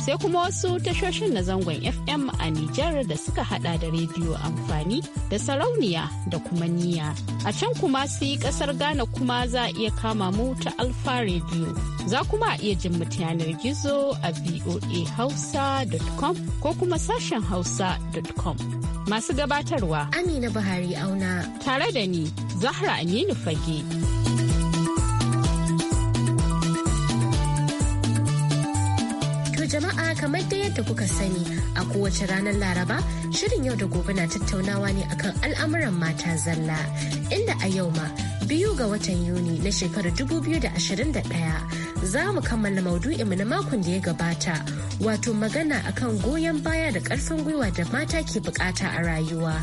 sai kuma wasu tashoshin na zangon FM a Nijar da suka hada da rediyo amfani da sarauniya da kuma niya. A can kuma su yi kasar Ghana kuma za a iya kama mu ta Alfa rediyo Za kuma a iya jin yanar gizo a voahausa.com ko kuma sashen hausa.com. Masu gabatarwa Amina Buhari auna. Tare da ni Zahra Aminu Fage. jama'a kamar da yadda kuka sani a kowace ranar Laraba shirin yau da gobe na tattaunawa ne akan al'amuran mata zalla inda a yau ma biyu ga watan Yuni na shekarar 2021 za mu kammala maudu'inmu na makon da ya gabata wato magana akan goyon baya da karfin gwiwa da mata ke bukata a rayuwa.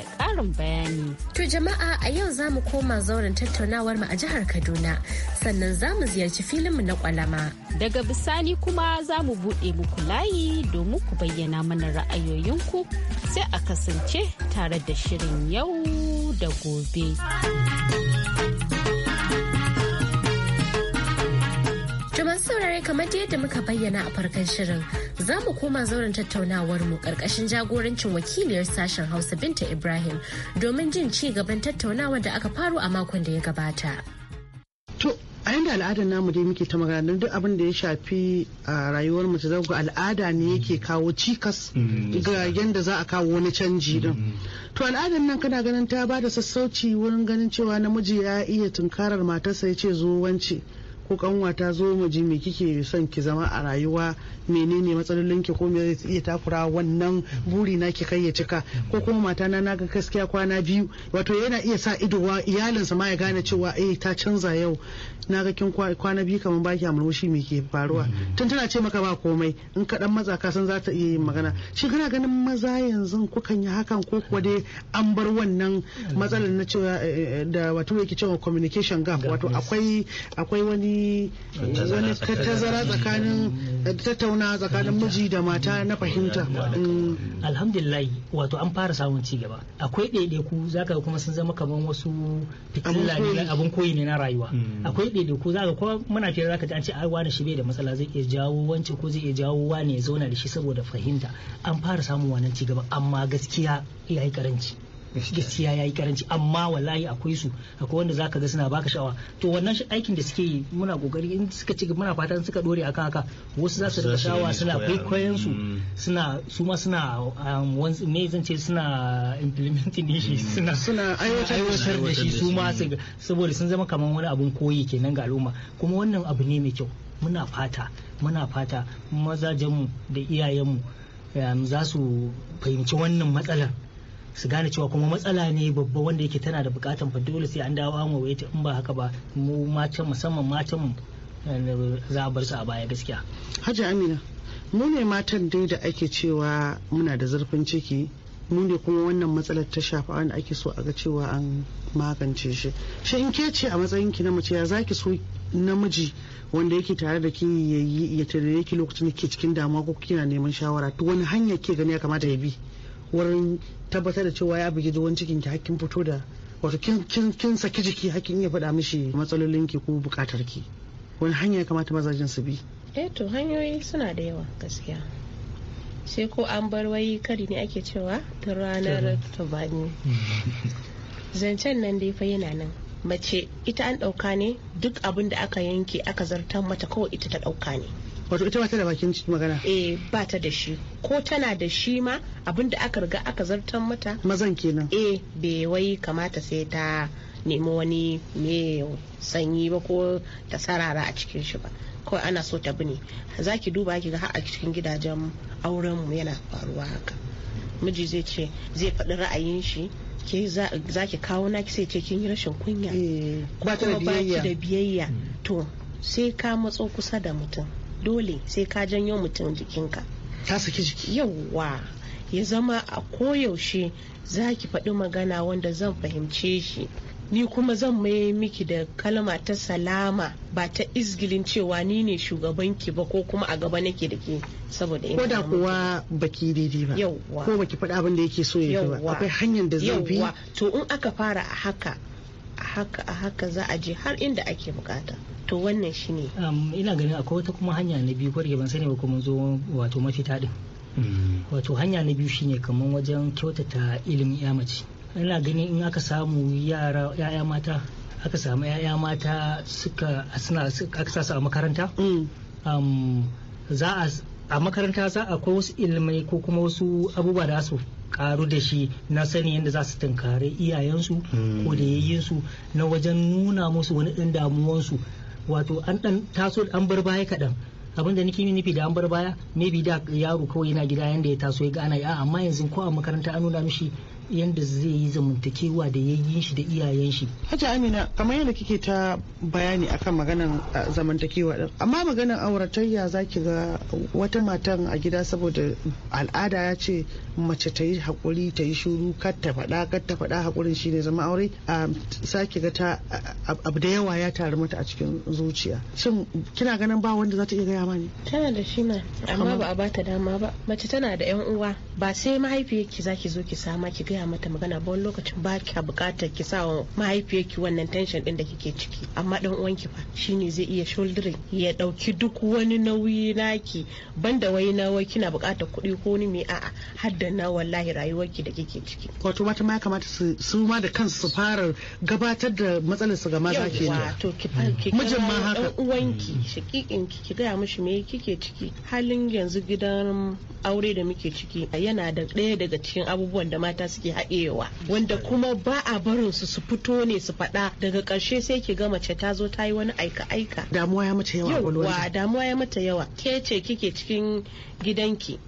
da ƙarin bayani. To jama'a a yau za mu koma zauren tattaunawar mu a jihar Kaduna sannan za mu ziyarci filin mu na kwalama. Daga bisani kuma za mu buɗe muku layi domin ku bayyana mana ra'ayoyinku sai a kasance tare da shirin yau da gobe. masu saurare kamar yadda muka bayyana a farkon shirin za mu koma zauren tattaunawar mu karkashin jagorancin wakiliyar sashen Hausa Binta Ibrahim domin jin ci gaban tattaunawar da aka faru a makon da ya gabata. To, a yanda al'adar namu dai muke ta magana don duk abin da ya shafi a rayuwar mu ga al'ada ne yake kawo cikas mm, ga yanda za a kawo wani canji din mm. to al'adar nan kana ganin ta bada sassauci wurin ganin cewa namiji ya iya tunkarar matarsa ya ce zo wance ko kanwa ta zo mu ji me kike son ki zama a rayuwa menene matsalolin ki ko me zai iya takura wannan buri na ki kai ya cika ko kuma mata na naga gaskiya kwana biyu wato yana iya sa ido wa iyalinsa ma ya gane cewa eh ta canza yau naga kin kwana biyu kaman baki a murmushi me ke faruwa tun tana ce maka ba komai in ka dan matsa ka san za ta iya yin magana shi kana ganin maza yanzu kukan yi hakan ko kuwa dai an bar wannan matsalar na cewa eh, eh, da wato yake cewa communication gap wato akwai akwai wani wani tazara tsakanin tattauna tsakanin miji da mata na fahimta mm. alhamdulillah wato an fara samun ci gaba akwai ɗaiɗaiku za ka kuma sun zama kamar wasu fitilla ne abun koyi ne na rayuwa mm. akwai ɗaiɗaiku za ka ko muna fiye ka ji an ce ai wani shi bai da matsala zai iya jawo wance ko zai iya jawo wani ya zauna da shi saboda fahimta an fara samun wannan ci gaba amma gaskiya yayi karanci gaskiya yi karanci amma wallahi akwai su akwai wanda zaka ga suna baka sha'awa to wannan aikin da suke yi muna kokari in suka ci muna fatan suka dore akan haka wasu za su rika sha'awa suna kwaikwayon su mm. suna su ma suna um, ne zan ce suna implementing ne shi mm. suna suna aiwatar da shi su ma saboda sun zama kamar wani abun koyi kenan ga al'umma kuma wannan abu ne mai kyau muna fata muna fata mazajenmu da iyayenmu um, za su fahimci wannan matsalar su gane cewa kuma matsala ne babba wanda yake tana da bukatan fa dole sai an dawo an waye in ba haka ba mu matan musamman matan eh, za a bar su a baya gaskiya hajji amina mu ne matan dai da ake cewa muna da zurfin ciki mu ne kuma wannan matsalar ta shafa wanda ake so a ga cewa an magance shi shi in ke ce a matsayin ki na mace ya zaki so namiji wanda yake tare da ki ya tare ki lokacin da ke cikin damuwa ko kina neman shawara to wani hanya ke gani ya kamata ya bi wurin tabbatar da cewa ya bugi duwan cikin ki hakkin fito da wato kin saki jiki hakkin ya faɗa mishi matsalolin ki ko buƙatar ki wani hanya ya kamata mazajen su bi eh to hanyoyi suna da yawa gaskiya sai ko an bar wai kari ne ake cewa ta ranar tubani zancen nan dai fa yana nan mace ita an ɗauka ne duk abin da aka yanke aka zartar mata kawai ita ta ɗauka ne wato ita ba ta da bakin magana eh ba ta da shi ko tana da shi ma da aka riga aka zartan mata mazan kenan eh bai wai kamata sai ta nemi wani me sanyi ba ko ta sarara a cikin shi ba kawai ana so ta bi ne za ki duba ki ga har a cikin gidajen auren mu yana faruwa haka miji zai ce zai faɗi ra'ayin shi ke za ki kawo na ki sai ce kin yi rashin kunya eh, ba ki da biyayya to sai ka matso kusa da mutum dole sai ka janyo mutum jikinka ta saki jiki yawwa ya zama a koyaushe za ki faɗi magana wanda zan fahimce shi ni kuma zan mai miki da kalma ta salama ba ta izgilin cewa ni ne shugabanki ba ko kuma a gaba nake da ke saboda ina da kuwa baki daidai ba yawwa ko baki faɗa abin da yake so ya ba akwai hanyar da zan bi to in aka fara a haka a haka a haka za a je har inda ake bukata to wannan shi ne. ina ganin akwai wata kuma hanya na biyu kwarge ban sani ba kuma zo wato mafita din mm. wato hanya na biyu shine kamar wajen kyautata ilimin ya ina ganin in aka samu yara yaya mata aka samu yaya mata suka aka sa su a makaranta mm. za a makaranta za a akwai wasu ilmai ko kuma wasu abubuwa da su karu da shi na sani yadda za su tunkari iyayensu ko mm. da yayyinsu na wajen nuna musu wani ɗan damuwansu wato an dan taso an bar baya kaɗan abin da nake nufi da an bar baya maybe da yaro kawai yana gida yanda ya taso ya ga ana yi amma yanzu ko a makaranta an nuna mishi yanda zai yi zamantakewa da yayyin shi da iyayen shi hajji amina kamar yadda kike ta bayani akan maganan uh, zamantakewa din amma maganan auratayya zaki ga wata matan a gida saboda al'ada ya ce mace ta yi hakuri ta yi shuru kar ta faɗa kar ta faɗa shi shine zama aure um, ki ga ta uh, abu da yawa ya taru mata a cikin zuciya shin kina ganin ba wanda za ta iya gaya mani tana da shi ma amma ba a bata dama ba mace tana da yan uwa ba sai mahaifiyarki ki zo ki sama ki gaya gaya mata magana ba wani lokacin ba kya bukatar ki sawa mahaifiyarki wannan tension din da kike ciki amma dan uwanki fa shine zai iya shouldering ya dauki duk wani nauyi naki banda wai nawa kina buƙatar kuɗi ko ni me a'a har da na wallahi rayuwarki da kike ciki wato mata ma kamata su su ma da kansu su fara gabatar da matsalar su ga maza ke wato ki mijin ma haka uwanki shakikin ki ki gaya mishi me kike ciki halin yanzu gidan aure da muke ciki yana da ɗaya daga cikin abubuwan da mata suke haɗewa wanda kuma ba a barin su su fito ne su faɗa daga ƙarshe sai ki ga mace ta zo ta yi wani aika aika damuwa ya mata yawa damuwa ya mata yawa ke ce kike cikin gidanki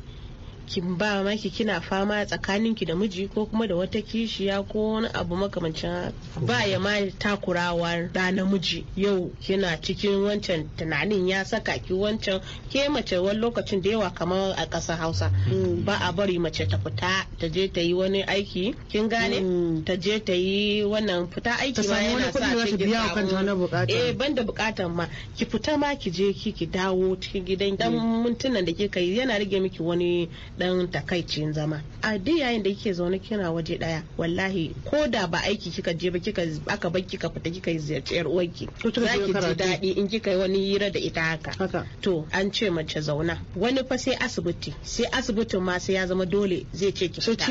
kin ba maki kina fama tsakanin ki da miji ko kuma da wata kishiya ko wani abu makamancin ba ya ma takurawa da namiji yau kina cikin wancan tunanin ya saka ki wancan ke mace wani lokacin da yawa kamar a ƙasar Hausa mm. ba a bari mace ta fita ta je ta yi wani aiki kin gane mm. ta je ta yi wannan fita aiki ma yana sa ta biya kanta wani bukata eh banda bukatan ma ki fita ma ki je ki ki dawo cikin gidan dan mintunan da kika yi yana rage miki wani dan takaicin zama a duk yayin da kike zaune kina waje daya wallahi ko da ba aiki kika je ba kika aka bar kika fita kika ziyarci yar uwarki za ki ji daɗi in kika yi wani hira da ita haka to an ce mace zauna wani fa sai asibiti sai asibitin ma sai ya zama dole zai ce ki fita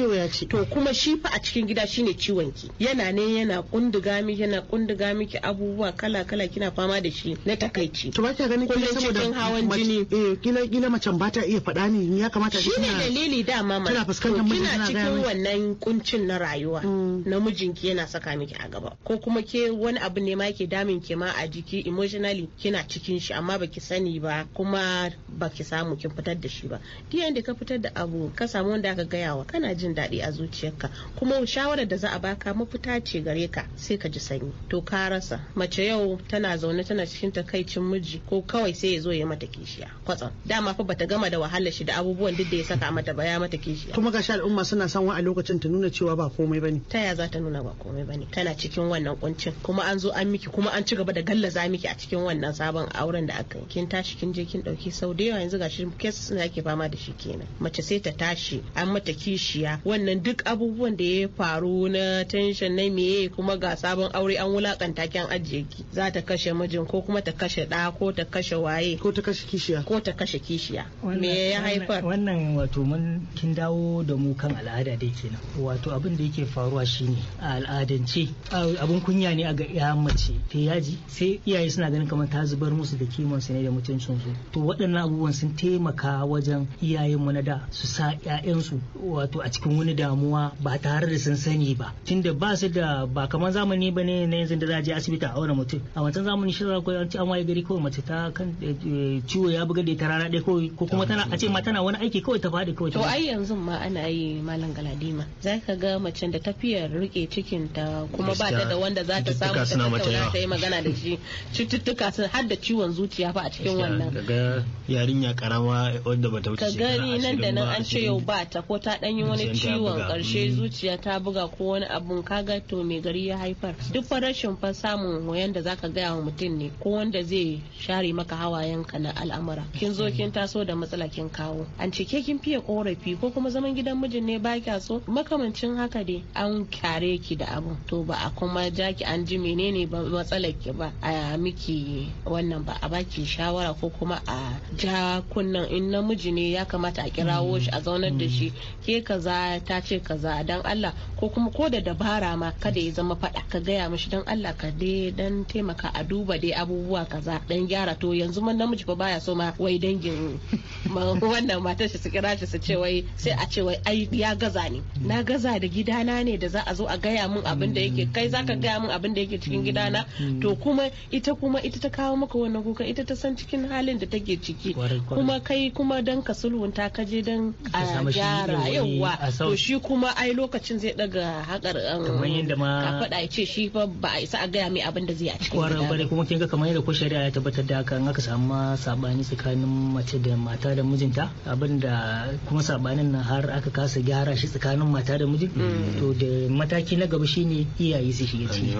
to kuma shi fa a cikin gida shine ciwon ki yana ne yana kunduga miki yana kunduga miki abubuwa kala kala kina fama da shi na takaici to ba ka ganin kila saboda hawan jini eh kila kila macen ba ta iya faɗa ne ya kamata shi ne me dalili dama ma kina fuskantar kina cikin wannan kuncin na rayuwa mm. namijinki yana saka miki a gaba ko kuma ke wani abu ne ma yake damin ke ma a jiki emotionally kina cikin shi amma baki sani ba kuma baki samu kin fitar da shi ba duk yanda ka fitar da abu ka samu wanda ka gaya wa kana jin daɗi a zuciyarka kuma shawarar da za a baka mafita ce gare ka sai ka ji sanyi to ka rasa mace yau tana zaune tana cikin takaicin miji ko kawai sai ya zo ya mata kishiya kwatsam dama fa bata gama da wahalar shi da abubuwan duk da ya saka saka mata baya mata kishi kuma gashi al'umma suna san wa a lokacin ta nuna cewa ba komai bane ta ya za ta nuna ba komai bane tana cikin wannan kuncin kuma an zo an miki kuma an ci gaba da gallaza miki a cikin wannan sabon auren da aka kin tashi kin je kin dauki sau da yawa yanzu gashi kes suna ake fama da shi kenan mace sai ta tashi an mata kishiya wannan duk abubuwan da ya faru na tension na meye kuma ga sabon aure an wulakanta kyan ajiye ki za ta kashe mijin ko kuma ta kashe da ko ta kashe waye ko ta kashe kishiya ko ta kashe kishiya me ya haifar wannan wato mun kin dawo da mu kan al'ada dai kenan wato abin da yake faruwa shine a al'adance abin kunya ne a ga ya mace ta yaji sai iyaye suna ganin kamar ta zubar musu da kiman su ne da mutuncin su to waɗannan abubuwan sun taimaka wajen iyayen mu na da su sa su wato a cikin wani damuwa ba tare da sun sani ba tunda ba su da ba kamar zamani ba ne na yanzu da za a je asibiti a aure mutum a wancan zamani shi za ku an ci an waye gari kawai mace ta kan eh, eh, ciwo ya buga da ta rana ɗaya ko kuma tana a ce ma tana wani aiki kawai ta da kawai to ai yanzu ma ana yi malam galadima za ka ga mace da tafiyar rike cikin ta kuma ba ta da wanda za ta samu ta tattauna ta yi magana da shi cututtuka sun har da ciwon zuciya fa a cikin wannan kaga yarinya karama wadda bata wuce ka gani nan da nan an ce yau ba ta ko ta dan yi wani ciwon karshe mm. zuciya ta buga ko wani abun kaga to me gari ya haifar duk rashin fa samun wayan da zaka gaya wa mutum ne ko wanda zai share maka hawayenka na al'amura kin zo kin taso da matsala kin kawo an ce ke kin fi fiye korafi ko kuma zaman gidan mijin ne ba kya so makamancin haka dai an kyare ki da abu to ba a kuma jaki an ji menene matsalar ki ba a miki wannan ba a baki shawara ko kuma a ja kunnan in namiji ne ya kamata a kirawo shi a zaunar da shi ke kaza ta ce kaza dan Allah ko kuma ko da dabara ma kada ya zama fada ka gaya mishi dan Allah ka dai dan taimaka a duba dai abubuwa kaza dan gyara to yanzu man namiji ba baya so ma wai dangin wannan matar shi su kira ta su ce wai sai a ce wai ai ya gaza ne na gaza da gidana ne da za a zo a gaya min abin da yake kai zaka gaya min abin da yake cikin gidana to kuma ita kuma ita ta kawo maka wannan kuka ita ta san cikin halin da take ciki kuma kai kuma dan ka sulhunta ka je dan a gyara yawwa to shi kuma ai lokacin zai daga hakar um, yadda ma ka faɗa ya ce shi fa ba a isa a gaya mai abin da zai a cikin gida bare kuma kin ga kamar yadda ko shari'a ya tabbatar da haka in aka samu sabani tsakanin mace da mata da mijinta abin da kuma sabanin nan har aka kasa gyara shi tsakanin mata da miji mm. to da mataki na gaba shine iyaye su shiga ciki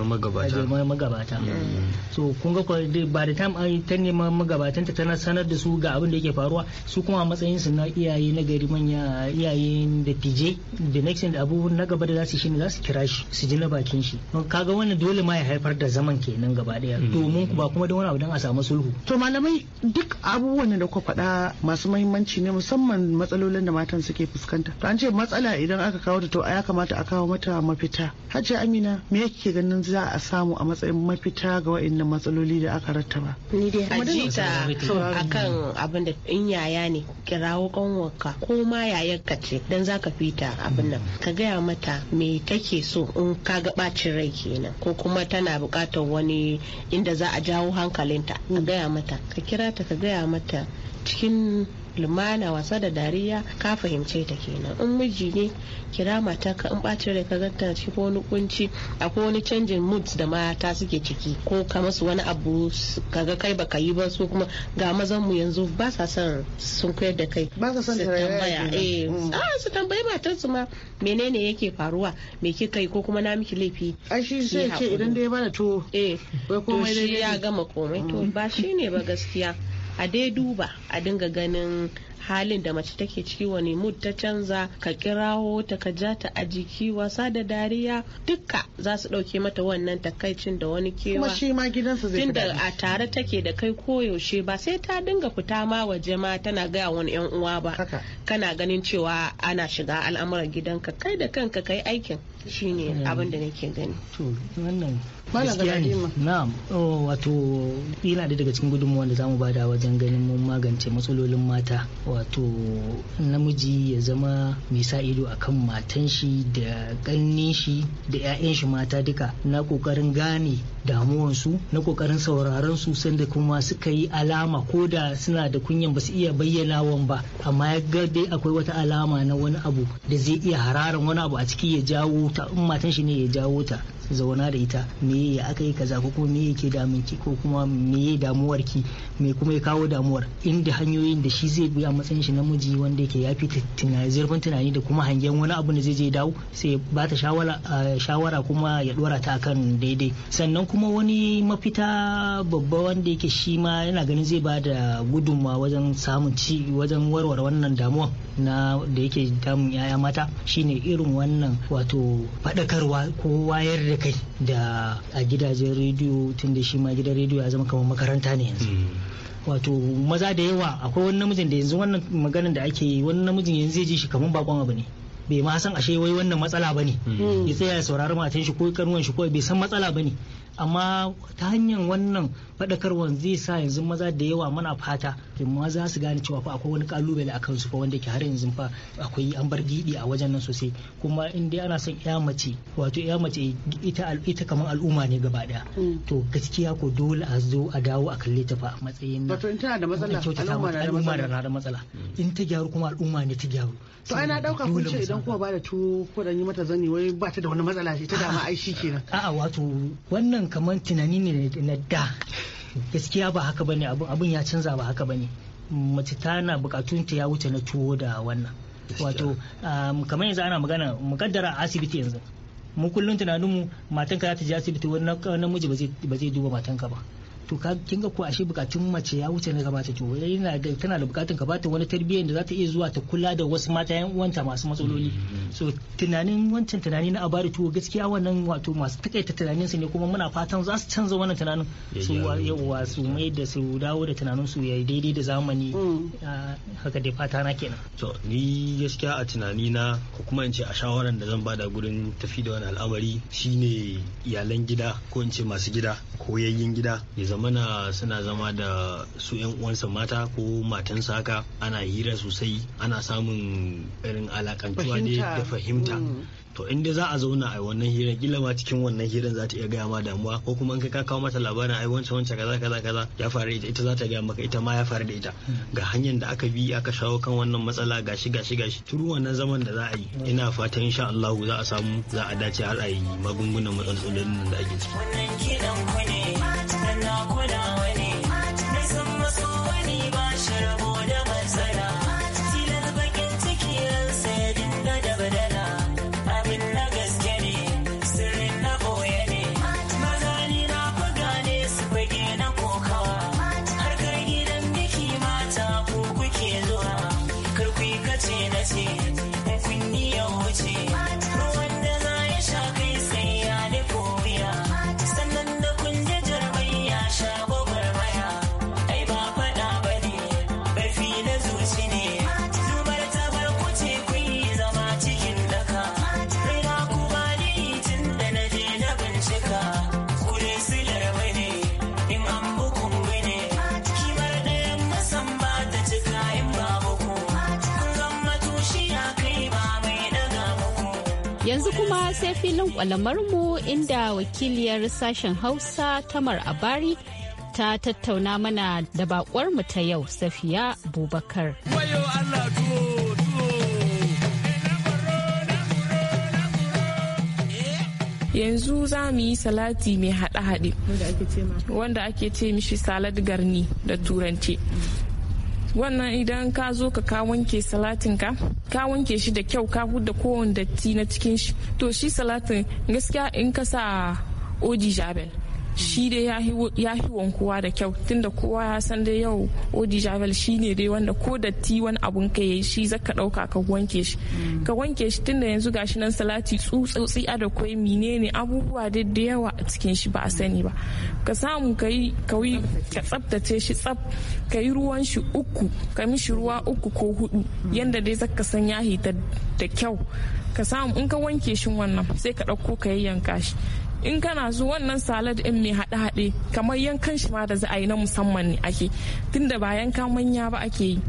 magabata mm. so kun ga ba da time ai ta nema magabatan ta tana sanar da su ga abin da yake faruwa su kuma matsayin su na iyaye na gari manya iyaye da PJ the next thing abu na gaba da zasu shine zasu kira shi su ji na bakin shi kaga wannan dole ma ya haifar da zaman kenan gaba daya mm. domin ba kuma da wani abu dan a samu sulhu to malamai duk abubuwan da kuka faɗa masu muhimmanci ne musamman matsalolin da matan suke fuskanta to an ce matsala idan aka kawo ta to ya kamata a kawo mata mafita hajji amina me yake ganin za a samu a matsayin mafita ga wa'annan matsaloli da aka rattaba ni dai ajita akan abin da in yaya ne kirawo kanwarka ko ma yayarka ce dan zaka fita abin nan ka gaya mata me take so in ka ga bacin rai kenan ko kuma tana bukatar wani inda za a jawo hankalinta ka gaya mata ka kira ta ka gaya mata cikin lumana wasa da dariya ka fahimce ta kenan in miji ne kira mata ka in ɓacin rai ka ganta ciki ko wani kunci akwai wani canjin moods da mata suke ciki ko ka masu wani abu kaga kai baka yi ba su kuma ga mazan mu yanzu ba sa son sun koyar da kai ba sa son tambaya eh mm. ah, su tambayi matar su ma menene yake faruwa me kika yi ko kuma na miki laifi ai shi sai ce idan dai bana to eh komai dai ya eh, gama komai to mm. ba shine ba gaskiya a dai duba a dinga ganin halin da mace take ciki wani mood ta canza ka kirawo ta ka ja ta a jiki wasa da dariya dukka za su ɗauke mata wannan takaicin da wani kewa kuma shi tunda a tare take da kai koyaushe ba sai ta dinga fita ma waje ma tana gaya wani yan uwa ba kana ganin cewa ana shiga al'amuran gidanka kai da kanka kai aikin shine abin da nake gani na'am wato yana da daga cikin gudunmuwa da zamu bada wajen ganin mun magance matsalolin mata wato namiji ya zama mai sa ido akan matan shi da ƙannin shi da 'ya'yan shi mata duka na kokarin gane damuwansu na kokarin sauraron su sanda kuma suka yi alama ko da suna da kunyan ba su iya bayyanawan ba amma ya ga dai akwai wata alama na wani abu da zai iya hararan wani abu a ciki ya jawo ta in matan shi ne ya jawo ta zauna da ita me ya aka yi kaza ko kuma me yake damun ki ko kuma me ya damuwar ki me kuma ya kawo damuwar inda hanyoyin da shi zai bi a matsayin shi namiji wanda yake yafi tunani zurfin tunani da kuma hangen wani abu da zai je dawo sai ba ta shawara kuma ya dora ta kan daidai sannan kuma wani mafita babba wanda yake shi ma yana ganin zai ba da gudunmawa wajen samun ci wajen warware wannan damuwa na da yake damun yaya mata shine irin wannan wato faɗakarwa ko wayar da kai da a gidajen rediyo tun da shi ma gidan rediyo ya zama kamar makaranta ne yanzu hmm. wato maza da yawa akwai wani namijin da yanzu wannan maganin da ake yi wani namijin yanzu zai ji shi kamar bakon abu ne bai ma san ashe wai wannan matsala ba ne hmm. ya tsaya ya saurari matan shi ko kanuwan shi ko bai san matsala ba ne amma ta hanyar wannan faɗakarwar zai sa yanzu maza da yawa mana fata ma za su gane cewa fa akwai wani kalubale akan su fa wanda ke har yanzu fa akwai an bar gidi a wajen nan sosai kuma in dai ana son iya mace wato iya mace ita ita kamar al'umma ne gaba daya mm. to gaskiya ko dole a zo a dawo a kalle ta fa a matsayin wato in tana da matsala al'umma da da matsala in ta gyaru kuma al'umma ne ta gyaru to ana dauka kun ce idan kuma ba da tu ko dan yi mata zani wai ba ta da wani matsala ce ta dama ai shi kenan a'a wato wannan kamar tunani ne na da gaskiya ba haka bane abun abun ya canza ba haka bane mace ta na bukatun ta ya wuce na tuwo da wannan wato kamar yanzu ana magana mukaddara asibiti yanzu mu kullum tunaninmu matanka za ta je asibiti wani namiji ba zai duba matanka ba to kin ga ko ashe bukatun mace ya wuce na gabata to yana ga tana da bukatun ka bata wani tarbiyyar da za ta iya zuwa ta kula da wasu mata yan uwanta masu matsaloli mm-hmm. so tunanin wancan tunani na abari tuwo gaskiya wannan wato masu takaita tunanin su ne kuma muna fatan za su canza wannan tunanin su yawa su mai da su dawo da tunanin su ya daidai da zamani mm. ah, haka dai fata na kenan to ni gaskiya a tunani na ko kuma in ce a shawaran da zan bada gurin tafi da wani al'amari shine iyalan gida ko in ce masu gida ko yayin gida ya zama mana suna zama da su 'yan uwansa mata ko matansa haka ana hira sosai ana samun irin alakantuwa ne da fahimta. Mm. to in za a zauna a wannan hirar kila ma cikin wannan hirar za ta iya gaya ma damuwa ko kuma in ka kawo mata labarin ai wancan wancan kaza kaza kaza ya faru da ita za ta gaya maka ita ma ya faru da ita hmm. ga hanyar da aka bi aka shawo kan wannan matsala gashi gashi gashi turu wannan zaman da za a yi hmm. ina fatan insha Allah za a samu za a dace har a yi magungunan matsalolin da ake ciki kuma sai filin kwalamarmu inda wakiliyar sashen Hausa Tamar Abari ta tattauna mana da mu ta yau Safiya Bubakar. yanzu za mu yi salati mai haɗe-haɗe wanda ake ce mishi salad garni da turanci wannan idan ka zo ka ka wanke salatin ka ka wanke shi da kyau ka huda kowane datti na cikin shi to shi salatin gaskiya in ka sa oji jabel shi dai ya fi wankuwa da kyau tunda kowa ya san dai yau odi javel shi ne dai wanda ko datti wani abun ka yi shi ka dauka ka wanke shi mm. ka wanke shi tunda yanzu gashi nan salati tsutsotsi a da kwai menene abubuwa da yawa a cikin shi ba a sani ba ka samu ka yi ka tsabtace shi tsab ka yi ruwan shi uku ka mishi ruwa uku ko hudu mm. yanda dai za ka san ya hita da kyau ka samu in ka wanke shi wannan sai ka dauko ka yayyanka shi in kana so wannan salad din mai haɗe haɗe kamar yankan shi ma da za a yi na musamman ne ake tunda ba yanka manya ba ake yi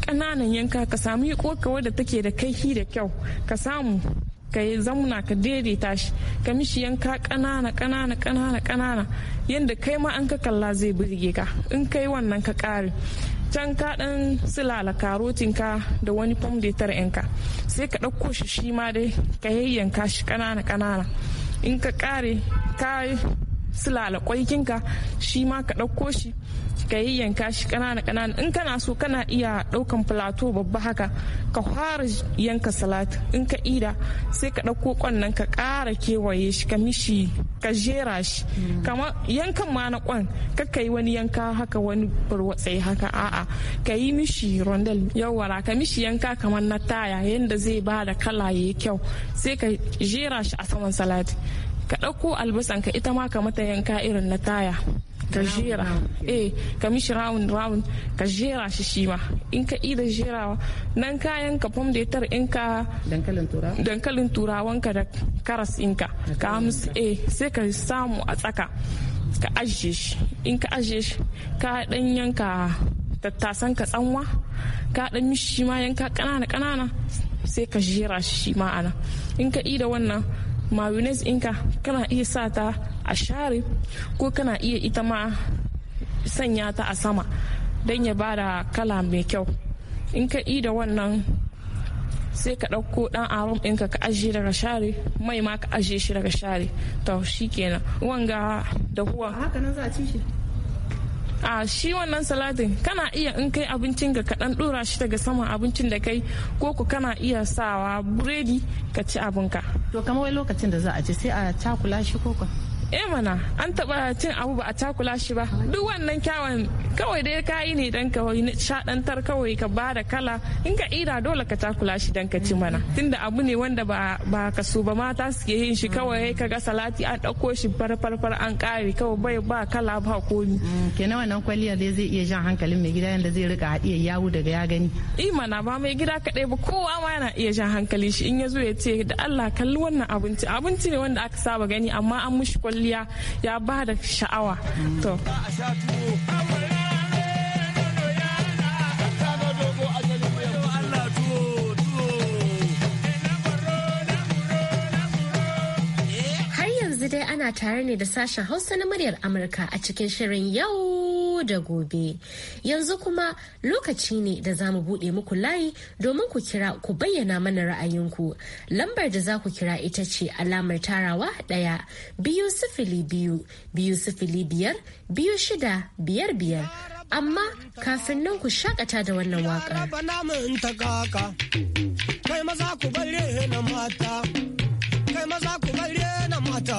ƙananan yanka ka samu yi kokawa da take da kaihi da kyau ka samu ka yi zamuna ka daidaita shi ka mishi yanka ƙanana ƙanana ƙanana ƙanana yadda kai ma an ka kalla zai burge ka in kai wannan ka kare can ka ɗan silala karotin ka da wani fom da yanka sai ka ɗauko shi shi ma dai ka yayyanka shi ƙanana ƙanana em Cacari, Cai, sulala kwaikinka shi ma ka ɗauko shi ka yi yanka shi ƙanana kanana in kana so kana iya ɗaukan filato babba haka ka fara yanka salat in ka ida sai ka ɗauko kwannan ka ƙara kewaye shi ka mishi ka jera shi mm. kama yankan ma na kwan ka yi wani yanka haka wani burwatsai haka a'a ka yi mishi rondel yawara ka mishi yanka kamar na taya yadda zai ba da kala ya kyau sai ka jera shi a saman salati ka ɗauko albasan ka ita ma ka mata yanka irin na taya ka jera eh ka mishi round round ka jera shi shi ma in ka ida jerawa nan kayan ka fom da tar in ka dankalin turawan ka da karas in ka ka hamsu eh sai ka samu a tsaka ka ajiye shi in ka ajiye shi ka dan yanka tattasan ka tsanwa ka dan mishi ma yanka kanana kanana sai ka jera shi shi ma ana in ka ida wannan mayonnaise inka kana iya sa ta a share ko kana iya ita ma sanya ta a sama don ya bada kala mai kyau in ka yi da wannan sai ka ɗauko ɗan aron ɗinka ka ajiye daga share mai ma ka ajiye shi daga share to shi kenan wanga da huwa a shi wannan salatin kana iya in kai abincin ga kaɗan ɗora shi daga saman abincin da kai ko ku kana iya sawa buredi ka ci abinka to kamar wai lokacin da za a ci sai a cakula shi koko eh mana an taba cin abu ba a takula shi ba duk wannan kyawun kawai dai ka yi ne dan ka shadantar kawai ka ba da kala in ka ira dole ka takula shi dan ka ci mana tunda abu ne wanda ba ba ka so ba mata suke yin shi kawai ka ga salati an dauko shi farfarfar an kare kawai bai ba kala ba komi mm, kenan wannan kwaliya dai zai iya jan hankalin mai gida yanda zai rika hadiya yawo daga ya gani eh mana ba mai gida kadai ba kowa ma yana iya jan hankalin shi in ya zo ya ce da Allah kalli wannan abinci abinci ne wanda aka saba gani amma an mushi kwalliya kwalliya ya ba da sha'awa to dai ana tare ne da sashen Hausa na muryar Amurka a cikin shirin yau da gobe. Yanzu kuma lokaci ne da za mu buɗe muku layi domin ku kira ku bayyana mana ra'ayinku. Lambar da za ku kira ita ce alamar tarawa ɗaya biyu sifili biyu biyu sifili biyar biyu shida biyar biyar. Amma kafin nan ku shakata da wannan waƙar. Kai maza ku bari na mata. kai maza ku bari na mata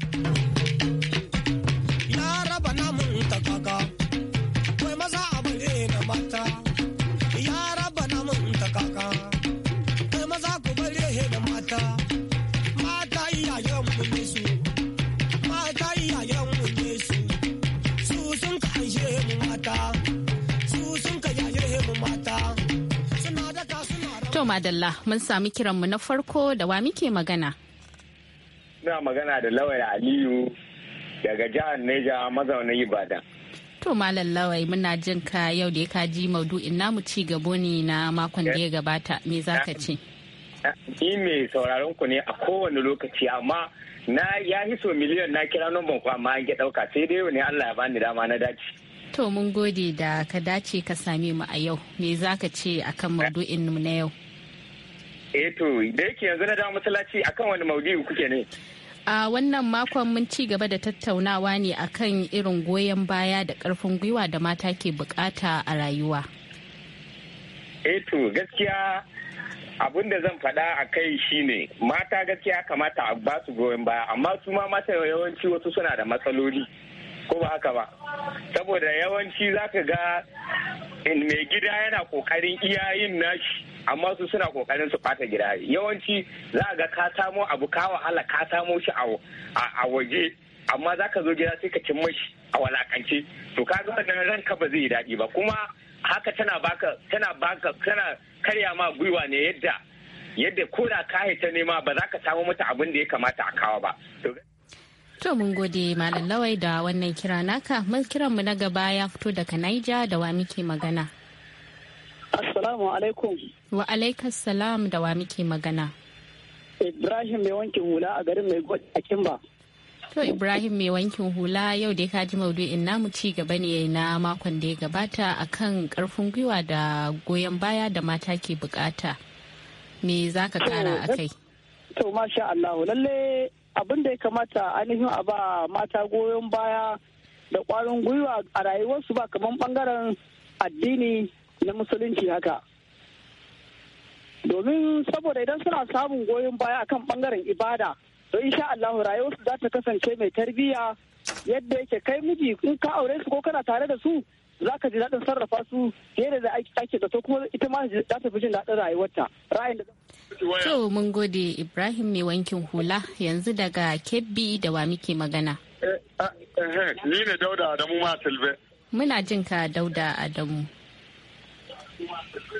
madalla mun sami kiranmu na farko da wa muke magana. Ina magana da Lawai Aliyu daga jihar Neja mazaunin Ibadan. To Malam Lawai muna jin ka yau da ya kaji maudu'in namu ci gabo ne na makon da ya gabata me za ka ce? Ni mai sauraron ku ne a kowane lokaci amma na ya hiso miliyan na kira nan ku amma an ke dauka sai dai ne Allah ya bani dama na dace. To mun gode da ka dace ka same mu a yau me za ka ce akan maudu'in mu na yau? eh to da yake yanzu na dawo masallaci akan wani maudu'i kuke ne a wannan makon mun ci gaba da tattaunawa ne akan irin goyon baya da karfin gwiwa da mata ke bukata a rayuwa eh to gaskiya abin da zan faɗa a kai shine mata gaskiya kamata a ba su goyon baya amma su ma mata yawanci wasu suna da matsaloli ko ba haka ba saboda yawanci zaka ga eh, mai gida yana kokarin iyayen nashi amma su suna kokarin su bata gida yawanci za a ga ka samo abu ka wahala ka samo shi a waje amma za ka zo gida sai ka cin mashi a walakance to ka ga wannan ranka ba zai yi daɗi ba kuma haka tana baka tana baka tana karya ma gwiwa ne yadda yadda ko da ka ta nema ba za ka samu mata abin da ya kamata a kawo ba To mun gode Malam Lawai da wannan kira naka, mun kiran mu na gaba ya fito daga Naija da wa muke magana. Assalamu alaikum. Wa alaikas salam da wa muke magana. Ibrahim mai wankin hula a garin mai gwad a Kimba. To Ibrahim mai wankin hula yau da kaji maudu maudu'in namu ci gaba ne na makon da ya gabata akan karfin gwiwa da goyon baya da mata ke bukata. Me za ka kara a kai? To masha Allah lalle abin da ya kamata ainihin a ba mata goyon baya da kwarin gwiwa a rayuwarsu ba kamar bangaren addini na musulunci haka domin saboda idan suna samun goyon baya akan bangaren ibada to insha Allah rayuwarsu za ta kasance mai tarbiyya yadda yake kai miji in ka aure su ko kana tare da su za ka ji daɗin sarrafa su yadda da ake da to kuma ita ma za ta fi jin daɗin rayuwarta ra'ayin da to mun gode Ibrahim mai wankin hula yanzu daga Kebbi da wa muke magana eh, ah, eh, eh, ni ne Dauda Adamu Matilbe muna jin ka Dauda Adamu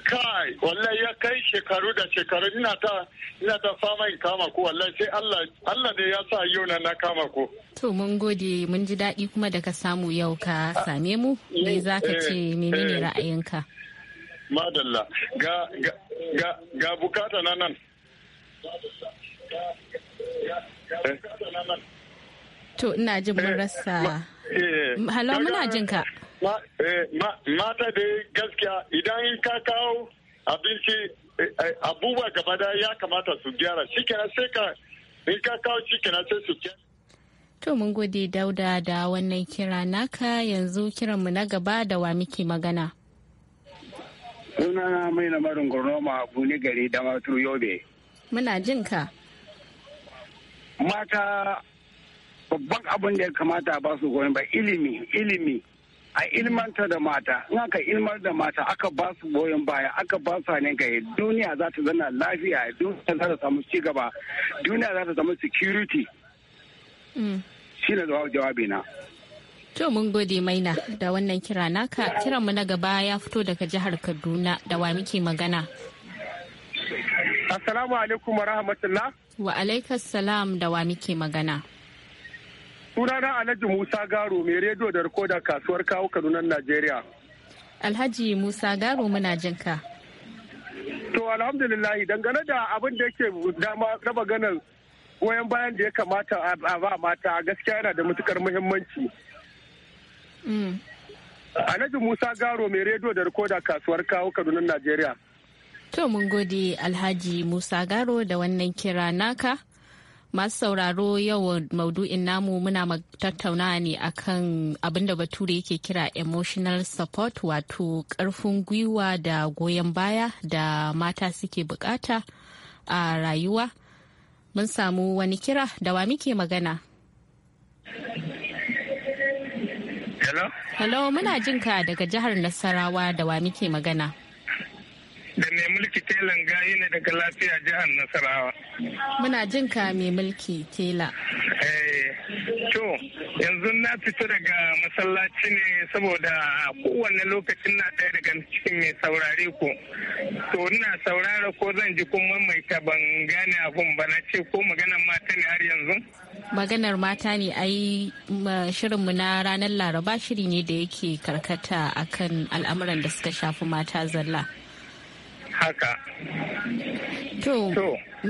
kai wallahi ya kai shekaru da shekaru ina ta ina ta fama in kama ku wallahi sai Allah Allah ne ya sa yau na na kama ku to mun gode mun ji daɗi kuma da ka samu yau ka same mu me zaka ce eh, menene eh. ra'ayinka madalla ga ga ga bukata na nan eh. to ina jin mun rasa halo muna jin ka Eh, mata da gaskiya idan ka kawo abinci eh, eh, abubuwa gaba da ya kamata su gyara shi kenan sai ka in ka kawo shi kenan sai su gyara To mun gode dauda da wannan kira naka yanzu kiranmu na gaba da wa muke magana. Sunana mai lamarin gurnoma ne gari da matu yobe. Muna jin ka. Mata babban abin da ya kamata ba su goyon ba ilimi ilimi a ilmanta da mata in aka ilmar da mata aka ba su goyon baya aka ba su hannun kai duniya za ta zana lafiya duniya za ta samu cigaba duniya za ta samu security mm. shi ne jawabi na to mun gode maina da wannan kira naka kiran mu na gaba ya fito daga jihar kaduna da wa muke magana assalamu alaikum wa rahmatullah wa alaikas da wa muke magana Sunana Alhaji Musa Garo mai rediyo da rikoda kasuwar kawo kanunan Najeriya. Alhaji Musa Garo muna jin To alhamdulillah, dangane da abin da yake dama na maganar goyon bayan da ya kamata a ba mata gaskiya yana da matukar muhimmanci. Mm. Alhaji Musa Garo mai rediyo da rikoda kasuwar kawo kanunan Najeriya. To mun gode Alhaji Musa Garo da wannan kira naka. masu sauraro yau maudu'in namu muna tattauna ne akan abin da bature yake kira emotional support wato karfin gwiwa da goyon baya da mata suke bukata a rayuwa mun samu wani kira da wa muke magana hello hello muna jinka daga jihar nasarawa da wa muke magana da mai mulki telan gayi ne daga lafiya jihar nasarawa muna jin ka mai mulki tela eh, to yanzu na fito daga masallaci ne saboda kowane lokacin na ɗaya daga cikin mai saurare ku to ina saurara ko zan ji kuma maita ban gane abun ba na ce ko maganar mata ne har yanzu maganar mata ne ai shirinmu na ranar laraba shiri ne da yake karkata akan al'amuran da suka shafi mata zalla haka to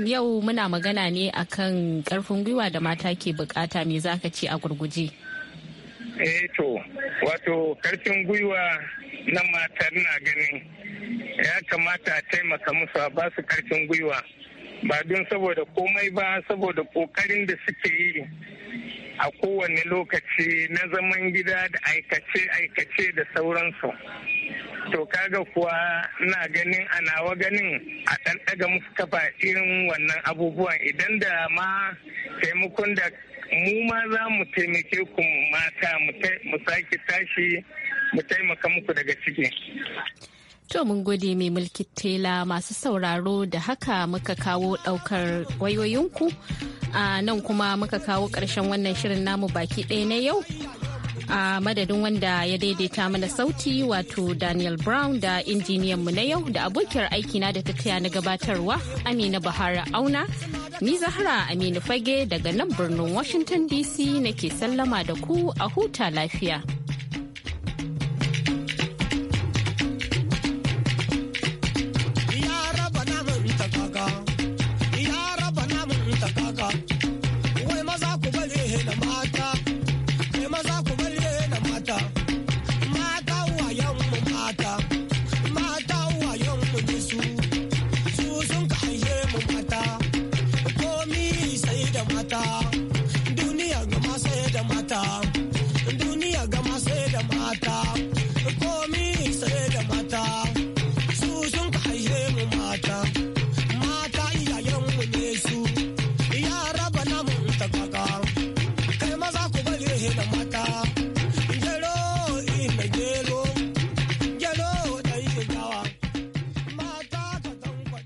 yau muna magana ne akan karfin gwiwa da mata ke bukata me ka ce a gurguje eh to wato karfin gwiwa na matar na ganin ya kamata a taimaka musu a ba su karfin gwiwa ba don saboda komai ba saboda ƙoƙarin da suke yi a kowane lokaci na zaman gida da aikace-aikace da sauransu to kaga kuwa na ganin a nawa ganin a ɗan ɗaga musu kafa irin wannan abubuwan idan da ma taimakon da mu ma za mu taimake ku mata mu sake tashi mu taimaka muku daga ciki. To mun gode mai mulki tela masu sauraro da haka muka kawo daukar wayoyinku a nan kuma muka kawo ƙarshen wannan shirin namu baki ɗaya na yau. a madadin wanda ya daidaita mana sauti wato Daniel Brown da injiniyan mu na yau da abokiyar aikina da ta taya na gabatarwa Amina Bahara Auna. Ni Zahra Aminu Fage daga nan birnin Washington DC nake sallama da ku a huta lafiya.